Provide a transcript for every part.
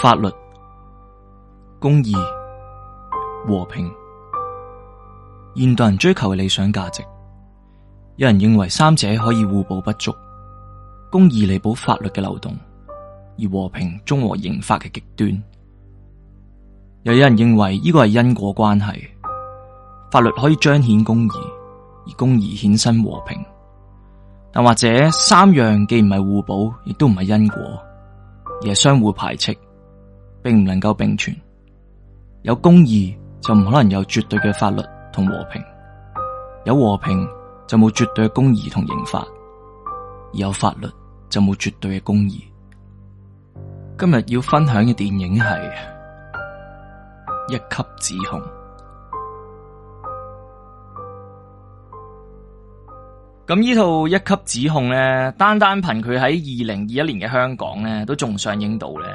法律、公義、和平，現代人追求嘅理想價值。有人認為三者可以互補不足，公義彌補法律嘅漏洞，而和平中和刑法嘅極端。又有人認為呢個係因果關係，法律可以彰顯公義，而公義衍生和平。但或者三樣既唔係互補，亦都唔係因果，而係相互排斥。並唔能夠並存，有公義就唔可能有絕對嘅法律同和，和平；有和平就冇絕對嘅公義同刑法；而有法律就冇絕對嘅公義。今日要分享嘅電影係《一級指控》。咁呢套《一級指控》咧，單單憑佢喺二零二一年嘅香港咧，都仲上映到咧。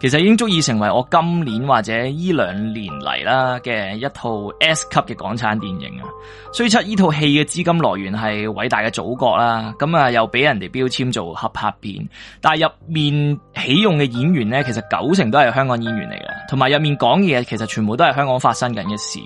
其實已經足以成為我今年或者依兩年嚟啦嘅一套 S 級嘅港產電影啊！雖則依套戲嘅資金來源係偉大嘅祖國啦，咁啊又俾人哋標籤做合拍片，但係入面起用嘅演員呢，其實九成都係香港演員嚟嘅，同埋入面講嘢其實全部都係香港發生緊嘅事，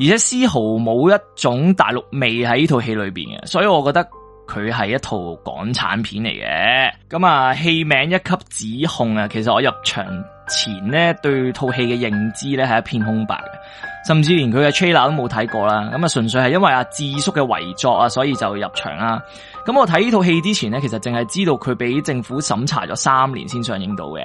而且絲毫冇一種大陸味喺呢套戲裏邊嘅，所以我覺得。佢係一套港產片嚟嘅，咁啊，戲名一級指控啊，其實我入場前呢，對套戲嘅認知呢係一片空白，甚至連佢嘅 trailer 都冇睇過啦，咁啊，純粹係因為阿智叔嘅遺作啊，所以就入場啦。咁我睇呢套戲之前呢，其實淨係知道佢俾政府審查咗三年先上映到嘅，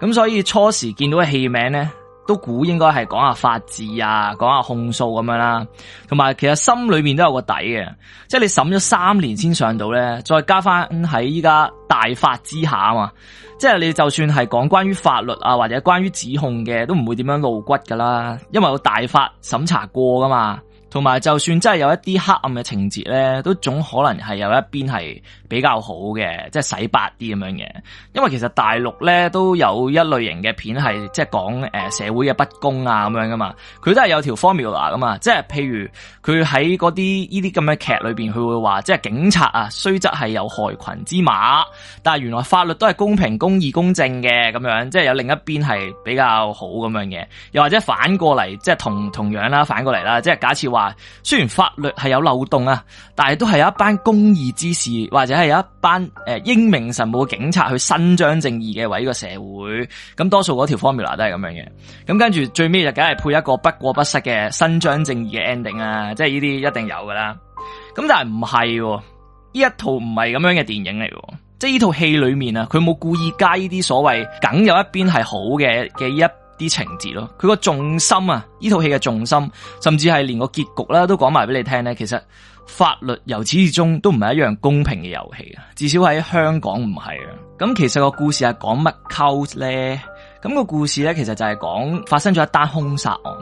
咁所以初時見到嘅戲名呢。都估應該係講下法治啊，講下控訴咁樣啦，同埋其實心裏面都有個底嘅，即係你審咗三年先上到咧，再加翻喺依家大法之下啊嘛，即係你就算係講關於法律啊或者關於指控嘅，都唔會點樣露骨噶啦，因為有大法審查過噶嘛。同埋，就算真係有一啲黑暗嘅情節咧，都總可能係有一邊係比較好嘅，即係洗白啲咁樣嘅。因為其實大陸咧都有一類型嘅片係即係講誒社會嘅不公啊咁樣噶嘛，佢都係有條 formula 噶嘛，即係譬如佢喺嗰啲呢啲咁嘅劇裏邊佢會話即係警察啊，雖則係有害群之馬，但係原來法律都係公平、公義、公正嘅咁樣即係有另一邊係比較好咁樣嘅。又或者反過嚟，即係同同樣啦，反過嚟啦，即係假設話。雖然法律係有漏洞啊，但係都係有一班公義之士，或者係有一班誒、呃、英明神武嘅警察去伸張正義嘅，為呢個社會。咁多數嗰條 formula 都係咁樣嘅。咁跟住最尾就梗係配一個不過不失嘅伸張正義嘅 ending 啊，即係呢啲一定有噶啦。咁但係唔係呢一套唔係咁樣嘅電影嚟嘅，即係呢套戲裏面啊，佢冇故意加呢啲所謂梗有一邊係好嘅嘅一。啲情節咯，佢個重心啊，呢套戲嘅重心，甚至係連個結局啦、啊，都講埋俾你聽咧。其實法律由始至終都唔係一樣公平嘅遊戲啊，至少喺香港唔係啊。咁其實個故事係講乜 cause 咧？咁、那個故事咧，其實就係講發生咗一單兇殺案。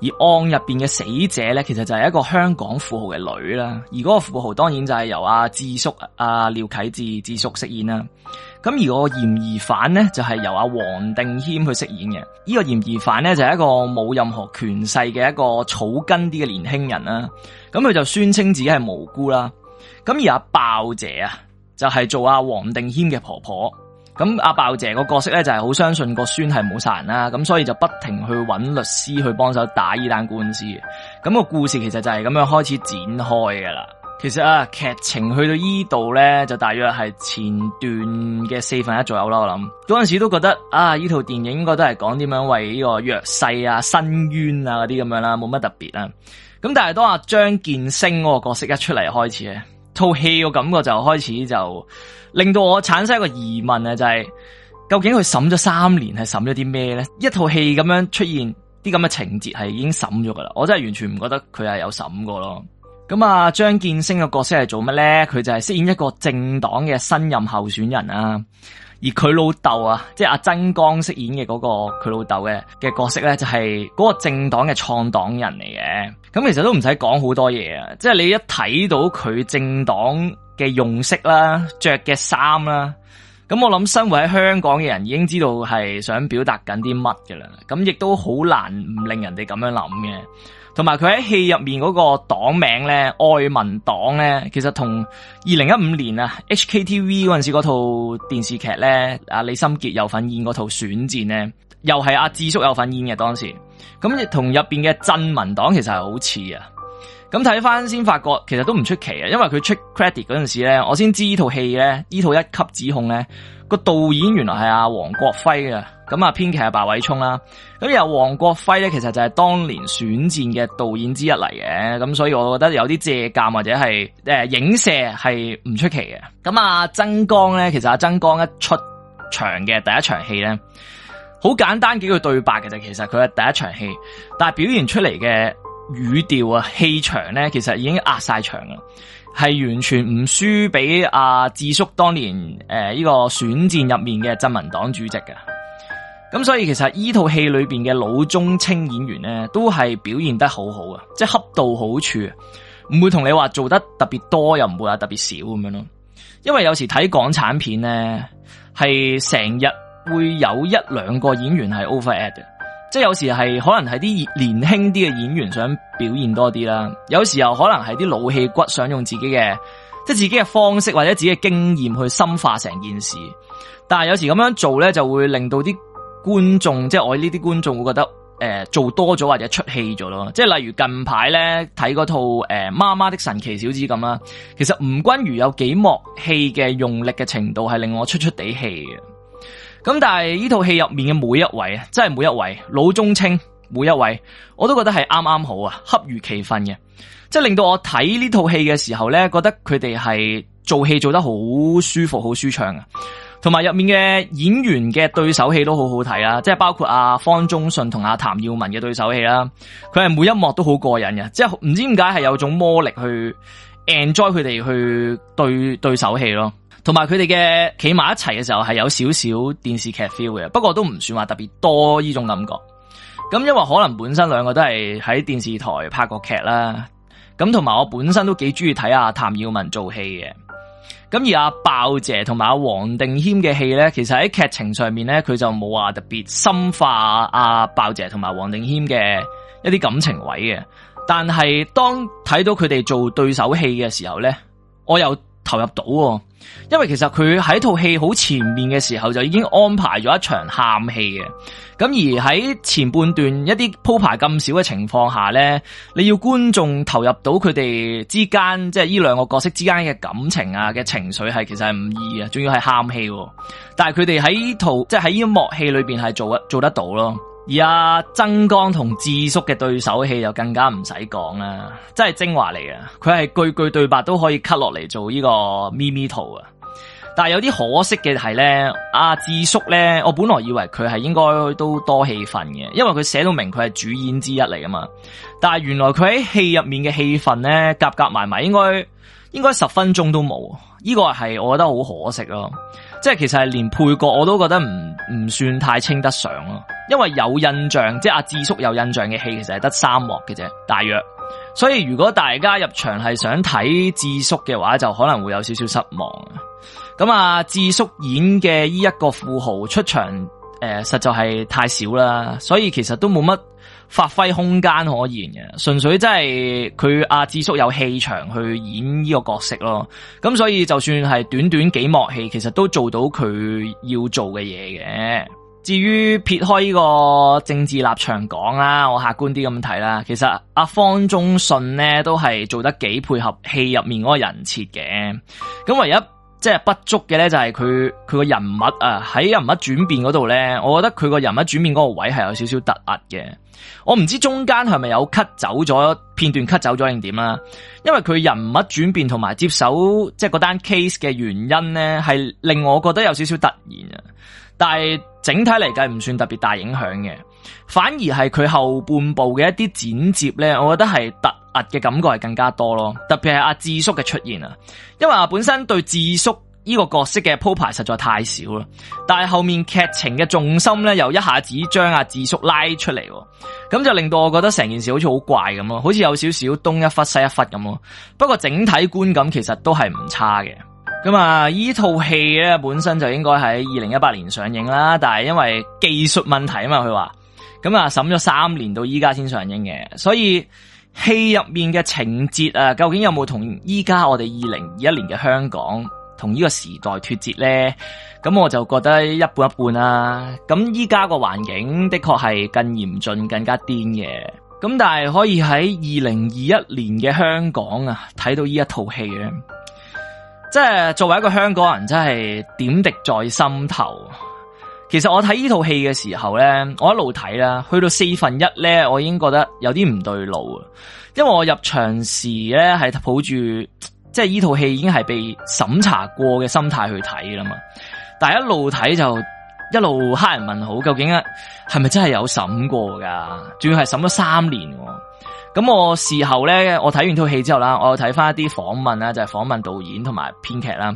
而案入邊嘅死者咧，其實就係一個香港富豪嘅女啦，而嗰個富豪當然就係由阿、啊、智叔阿、啊、廖啟智智叔飾演啦。咁而個嫌疑犯咧就係、是、由阿、啊、黃定謙去飾演嘅。呢、這個嫌疑犯咧就係、是、一個冇任何權勢嘅一個草根啲嘅年輕人啦。咁佢就宣稱自己係無辜啦。咁而阿、啊、鮑姐啊，就係做阿黃定謙嘅婆婆。咁阿鮑姐個角色咧就係好相信個孫係冇殺人啦，咁所以就不停去揾律師去幫手打呢單官司。咁個故事其實就係咁樣開始展開嘅啦。其實啊，劇情去到依度咧，就大約係前段嘅四分一左右啦。我諗嗰陣時都覺得啊，依套電影應該都係講點樣為呢個弱勢啊、伸冤啊嗰啲咁樣啦，冇乜特別啦。咁但係當阿張建升嗰個角色一出嚟開始啊。套戲個感覺就開始就令到我產生一個疑問啊，就係究竟佢審咗三年係審咗啲咩咧？一套戲咁樣出現啲咁嘅情節係已經審咗噶啦，我真係完全唔覺得佢係有審過咯。咁啊，張建升嘅角色係做乜咧？佢就係飾演一個政黨嘅新任候選人啊。而佢老豆啊，即係阿曾江飾演嘅嗰個佢老豆嘅嘅角色咧，就係嗰個政黨嘅創黨人嚟嘅。咁其實都唔使講好多嘢啊，即係你一睇到佢政黨嘅用色啦、着嘅衫啦，咁我諗生活喺香港嘅人已經知道係想表達緊啲乜嘅啦。咁亦都好難唔令人哋咁樣諗嘅。同埋佢喺戲入面嗰個黨名咧，愛民黨咧，其實同二零一五年啊 HKTV 嗰陣時嗰套電視劇咧，啊李心潔有份演嗰套《選戰》咧，又係阿、啊、智叔有份演嘅，當時咁同入邊嘅鎮民黨其實係好似啊。咁睇翻先，發覺其實都唔出奇啊！因為佢出 credit 嗰陣時咧，我先知呢套戲咧，呢套一級指控咧個導演原來係阿黃國輝噶，咁啊編劇係白偉聰啦。咁由黃國輝咧，其實就係當年選戰嘅導演之一嚟嘅，咁所以我覺得有啲借鑒或者係誒影射係唔出奇嘅。咁啊曾江咧，其實阿曾江一出場嘅第一場戲咧，好簡單幾句對白其實，其實佢係第一場戲，但係表現出嚟嘅。語調啊，氣場咧，其實已經壓晒場啦，係完全唔輸俾阿智叔當年誒呢、呃呢個選戰入面嘅鎮民黨主席嘅。咁所以其實呢套戲裏邊嘅老中青演員咧，都係表現得好好啊，即係恰到好處，唔會同你話做得特別多又唔會話特別少咁樣咯。因為有時睇港產片咧，係成日會有一兩個演員係 over act 嘅。Add, 即係有時係可能係啲年輕啲嘅演員想表現多啲啦，有時候可能係啲老戲骨想用自己嘅即係自己嘅方式或者自己嘅經驗去深化成件事，但係有時咁樣做咧就會令到啲觀眾即係我呢啲觀眾會覺得誒、呃、做多咗或者出戲咗咯，即係例如近排咧睇嗰套誒、呃、媽媽的神奇小子咁啦，其實吳君如有幾幕戲嘅用力嘅程度係令我出出地氣嘅。咁但係呢套戲入面嘅每一位啊，真係每一位老中青每一位，我都覺得係啱啱好啊，恰如其分嘅，即係令到我睇呢套戲嘅時候呢，覺得佢哋係做戲做得好舒服、好舒暢啊。同埋入面嘅演員嘅對手戲都好好睇啊。即係包括阿方中信同阿譚耀文嘅對手戲啦，佢係每一幕都好過癮嘅，即係唔知點解係有種魔力去 enjoy 佢哋去對對手戲咯。同埋佢哋嘅企埋一齊嘅時候係有少少電視劇 feel 嘅，不過都唔算話特別多呢種感覺。咁因為可能本身兩個都係喺電視台拍過劇啦。咁同埋我本身都幾中意睇阿譚耀文做戲嘅。咁而阿、啊、鮑姐同埋阿黃定謙嘅戲咧，其實喺劇情上面咧，佢就冇話特別深化阿、啊、鮑姐同埋黃定謙嘅一啲感情位嘅。但係當睇到佢哋做對手戲嘅時候咧，我又投入到、啊。因為其實佢喺套戲好前面嘅時候就已經安排咗一場喊戲嘅，咁而喺前半段一啲鋪排咁少嘅情況下呢，你要觀眾投入到佢哋之間，即係呢兩個角色之間嘅感情啊嘅情緒係，其實係唔易啊，仲要係喊戲，但係佢哋喺呢套即係喺呢幕戲裏邊係做啊做得到咯。而阿、啊、曾江同智叔嘅對手戲就更加唔使講啦，真係精華嚟嘅。佢係句句對白都可以 cut 落嚟，做個呢個咪咪圖啊！但係有啲可惜嘅係咧，阿智叔咧，我本來以為佢係應該都多戲份嘅，因為佢寫到明佢係主演之一嚟啊嘛，但係原來佢喺戲入面嘅戲份咧，夾夾埋埋應該。應該十分鐘都冇，呢個係我覺得好可惜咯。即係其實係連配角我都覺得唔唔算太稱得上咯，因為有印象，即係阿智叔有印象嘅戲其實係得三幕嘅啫，大約。所以如果大家入場係想睇智叔嘅話，就可能會有少少失望。咁啊，智叔演嘅依一個富豪出場，誒、呃、實在係太少啦，所以其實都冇乜。發揮空間可言嘅，純粹即係佢阿智叔有氣場去演呢個角色咯。咁所以就算係短短幾幕戲，其實都做到佢要做嘅嘢嘅。至於撇開呢個政治立場講啦，我客觀啲咁睇啦，其實阿方中信呢，都係做得幾配合戲入面嗰個人設嘅。咁唯一，即係不足嘅咧，就係佢佢個人物啊，喺人物轉變嗰度咧，我覺得佢個人物轉變嗰個位係有少少突兀嘅。我唔知中間係咪有 cut 走咗片段 cut 走咗定點啦，因為佢人物轉變同埋接手即係嗰單 case 嘅原因咧，係令我覺得有少少突然啊。但係整體嚟計唔算特別大影響嘅，反而係佢後半部嘅一啲剪接咧，我覺得係突。嘅感覺係更加多咯，特別係阿智叔嘅出現啊，因為本身對智叔呢個角色嘅鋪排實在太少啦，但係後面劇情嘅重心呢，又一下子將阿智叔拉出嚟，咁就令到我覺得成件事好似好怪咁咯，好似有少少東一忽西一忽咁咯。不過整體觀感其實都係唔差嘅。咁啊，呢套戲呢，本身就應該喺二零一八年上映啦，但係因為技術問題啊嘛，佢話咁啊審咗三年到依家先上映嘅，所以。戲入面嘅情節啊，究竟有冇同依家我哋二零二一年嘅香港同呢個時代脫節呢？咁我就覺得一半一半啦，啊。咁依家個環境的確係更嚴峻、更加癲嘅。咁但係可以喺二零二一年嘅香港啊，睇到呢一套戲嘅，即係作為一個香港人，真係點滴在心頭。其實我睇呢套戲嘅時候咧，我一路睇啦，去到四分一咧，我已經覺得有啲唔對路啊！因為我入場時咧係抱住，即係呢套戲已經係被審查過嘅心態去睇啦嘛。但係一路睇就一路黑人問號，究竟啊係咪真係有審過噶？仲要係審咗三年哦。咁我事後咧，我睇完套戲之後啦，我又睇翻一啲訪問啦，就係訪問導演同埋編劇啦。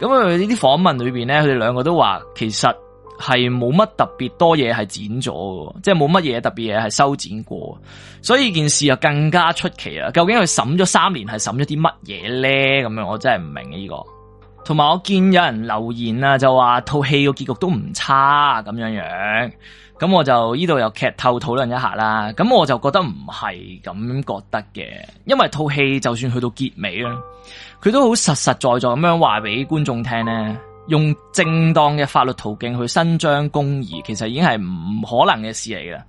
咁佢呢啲訪問裏邊咧，佢哋兩個都話其實。係冇乜特別多嘢，係剪咗嘅，即係冇乜嘢特別嘢係修剪過，所以件事又更加出奇啦。究竟佢審咗三年係審咗啲乜嘢咧？咁樣我真係唔明呢、啊這個。同埋我見有人留言啊，就話套戲個結局都唔差咁樣樣。咁我就呢度又劇透討論一下啦。咁我就覺得唔係咁覺得嘅，因為套戲就算去到結尾啦，佢都好實實在在咁樣話俾觀眾聽咧。用正當嘅法律途徑去伸張公義，其實已經係唔可能嘅事嚟噶。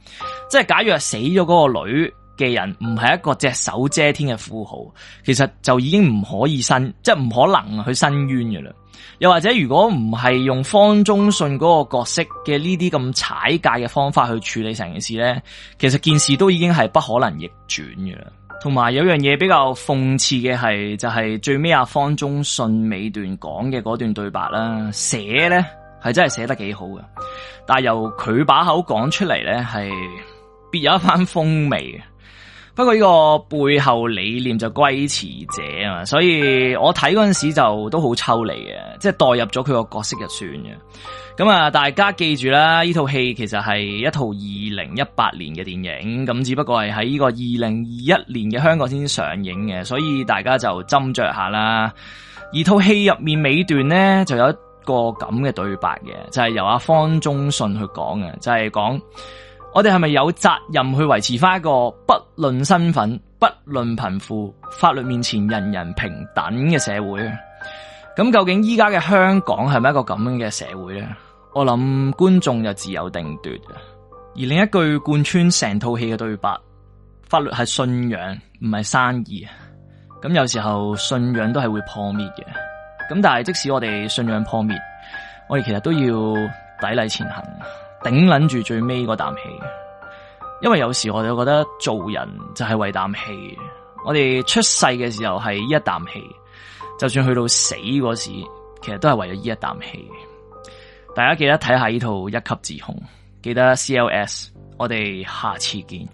即係假如係死咗嗰個女嘅人，唔係一個隻手遮天嘅富豪，其實就已經唔可以伸，即係唔可能去申冤嘅啦。又或者，如果唔係用方中信嗰個角色嘅呢啲咁踩界嘅方法去處理成件事咧，其實件事都已經係不可能逆轉嘅啦。同埋有樣嘢比較諷刺嘅係，就係最尾阿方中信尾段講嘅嗰段對白啦，寫咧係真係寫得幾好嘅，但係由佢把口講出嚟咧，係別有一番風味嘅。不過呢個背後理念就歸遲者啊嘛，所以我睇嗰陣時就都好抽離嘅，即係代入咗佢個角色就算嘅。咁啊，大家記住啦，呢套戲其實係一套二零一八年嘅電影，咁只不過係喺呢個二零二一年嘅香港先上映嘅，所以大家就斟酌下啦。而套戲入面尾段呢，就有一個咁嘅對白嘅，就係由阿方中信去講嘅，就係講我哋係咪有責任去維持翻一個不論身份、不論貧富、法律面前人人平等嘅社會？咁究竟依家嘅香港係咪一個咁樣嘅社會咧？我諗觀眾就自有定奪。而另一句貫穿成套戲嘅對白：法律係信仰，唔係生意。咁有時候信仰都係會破滅嘅。咁但係即使我哋信仰破滅，我哋其實都要砥礪前行。頂撚住最尾嗰啖氣，因為有時我哋覺得做人就係為啖氣。我哋出世嘅時候係一啖氣，就算去到死嗰時，其實都係為咗呢一啖氣。大家記得睇下呢套《一級指控》，記得 CLS，我哋下次見。